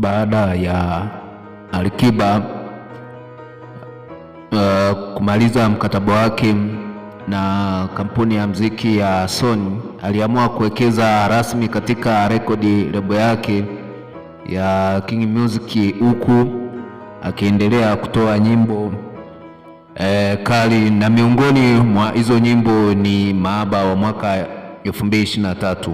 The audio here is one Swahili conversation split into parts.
baada ya Alikiba uh, kumaliza mkataba wake na kampuni ya mziki ya Sony, aliamua kuwekeza rasmi katika rekodi lebo yake ya King Music, huku akiendelea kutoa nyimbo e, kali na miongoni mwa hizo nyimbo ni Mahaba wa mwaka 2023.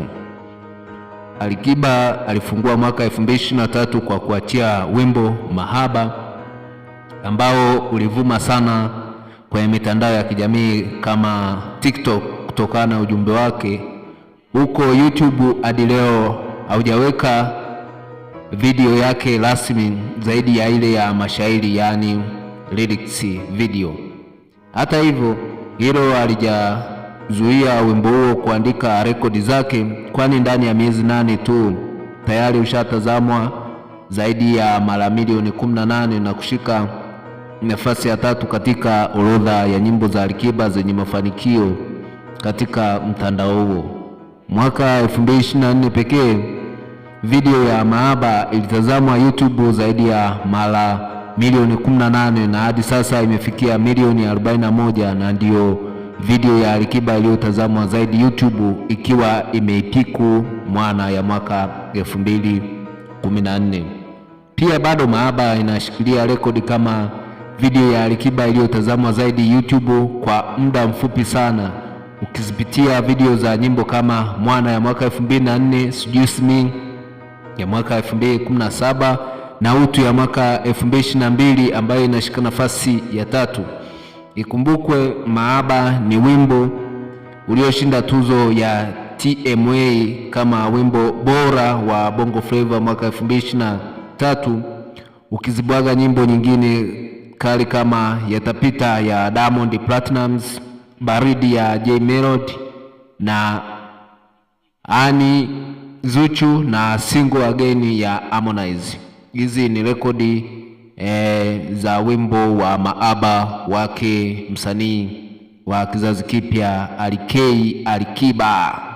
Alikiba alifungua mwaka 2023 kwa kuachia wimbo Mahaba ambao ulivuma sana kwenye mitandao ya kijamii kama TikTok kutokana na ujumbe wake. Huko YouTube hadi leo haujaweka video yake rasmi zaidi ya ile ya mashairi, yaani lyrics video. Hata hivyo hilo alija zuia wimbo huo kuandika rekodi zake, kwani ndani ya miezi nane tu tayari ushatazamwa zaidi ya mara milioni 18 na kushika nafasi ya tatu katika orodha ya nyimbo za Alikiba zenye mafanikio katika mtandao huo. Mwaka 2024 pekee video ya Mahaba ilitazamwa YouTube zaidi ya mara milioni 18 na hadi sasa imefikia milioni 41 na ndio video ya Alikiba iliyotazamwa zaidi YouTube ikiwa imeipiku Mwana ya mwaka 2014. Pia bado Mahaba inashikilia rekodi kama video ya Alikiba iliyotazamwa zaidi YouTube kwa muda mfupi sana. Ukizipitia video za nyimbo kama Mwana ya mwaka 2004, Seduce Me ya mwaka 2017 na Utu ya mwaka 2022 ambayo inashika nafasi ya tatu. Ikumbukwe Maaba ni wimbo ulioshinda tuzo ya TMA kama wimbo bora wa Bongo Flava mwaka 2023 ukizibwaga nyimbo nyingine kali kama Yatapita ya Diamond Platnumz, Baridi ya J Melody na Ani Zuchu na Single Again ya Harmonize. Hizi ni rekodi e, za wimbo wa Maaba wake msanii wa kizazi kipya Alikei Alikiba.